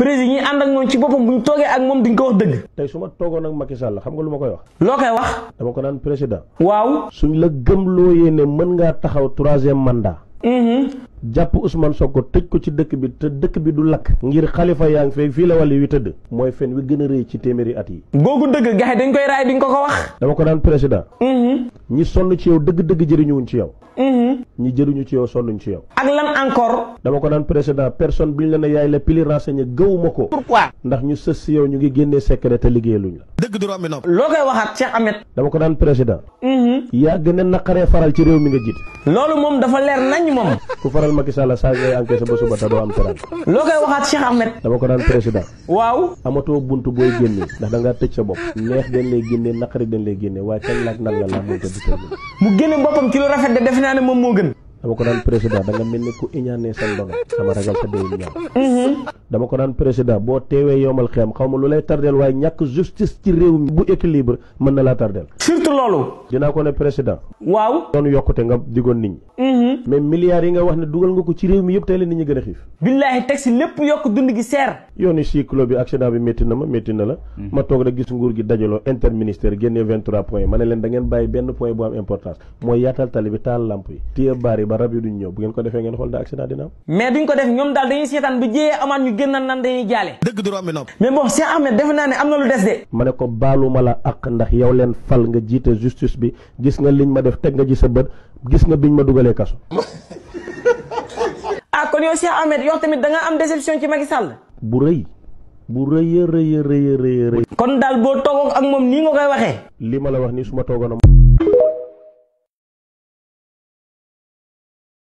président ñi ànd ak moom ci boppam bu ñu toogee ak moom duñ ko wax dëgg. tey su ma toogoon ak Macky Sall xam nga lu ma koy wax. loo koy wax. dama ko naan président. waaw. suñ la gëm loo gëmloo yéene mën ngaa taxaw troisième mandat. Mm-hmm. jàpp Ousmane Sonko tëj ko ci dëkk bi te dëkk bi du lakk. ngir xalifa yaa ngi fay fii la wàllu wi tëdd. mooy fen wi gën a rëy ci téeméeri at yi. googu dëgg gaxe dañ koy raay duñ ko ko wax. dama ko naan président. Mm-hmm. ñi sonn ci yow deug dëgg jëriñuwuñ ci yow mm-hmm. ñi jëriñu ci yow sonnuñ ci yow ak lan encore dama ko naan président personne biñ la na yaay la pili renseigné gëwuma ko pourquoi ndax ñu seuss yow ñu ngi génnee secret té liggéeyaluñ la du nopp koy cheikh ahmed dama ko naan président mm-hmm. yaa gën faral ci réew mi nga jiit loolu moom dafa leer nañ moom ku faral Macky Sall ngay am koy cheikh ahmed dama ko naan président waaw buntu booy génne ndax da ngaa tëj sa neex dañ lay lay la mu génne boppam ci lu rafet de def naa ne moom moo gën. dama ko daan président da nga mel ni ku iñaanee sa ndono sama ragal sa déy ñaaw mhm. dama ko daan président boo teewee yomal xeem xaw ma lu lay tardeel waaye ñàkk justice ci réew mi bu équilibre mën na laa tardeel surtout loolu dinaa ko ne président waaw doon yokkute nga digoon nit ñi mhm. mais milliards yi nga wax ne dugal nga ko ci réew mi yëpp tey la nit ñi gën a xiif billahi tax lépp yokk dund gi seer yooni club bi accident bi métti na ma métti na la hmm. ma toog rek gis nguur gi dajaloo interministère génnee 23 points ma ne leen da ngeen bàyyi benn point bu am importance mooy yaatal tali bi taal lamp yi téye baar yi ba rab yi duñ ñëw bu ngeen ko defee ngeen xool da accident dina am mais duñ ko def ñoom daal dañuy seetaan bu jëyee amaat ñu génnan nan dañuy jaale dëgg du rombi nopp mais bon Cheikh Ahmed def naa ne am na lu des de ma ne ko baaluma la ak ndax yow leen fal nga jiite justice bi gis nga liñ ma def teg nga ji sa bët gis nga biñ ma dugalee kaso ah kon yow Cheikh Ahmed yow tamit da nga am déception ci Macky sàll bu rëy. bu rëy a rëy a kon daal boo toogoon ak moom nii nga koy waxee. li ma la wax nii su ma toogoon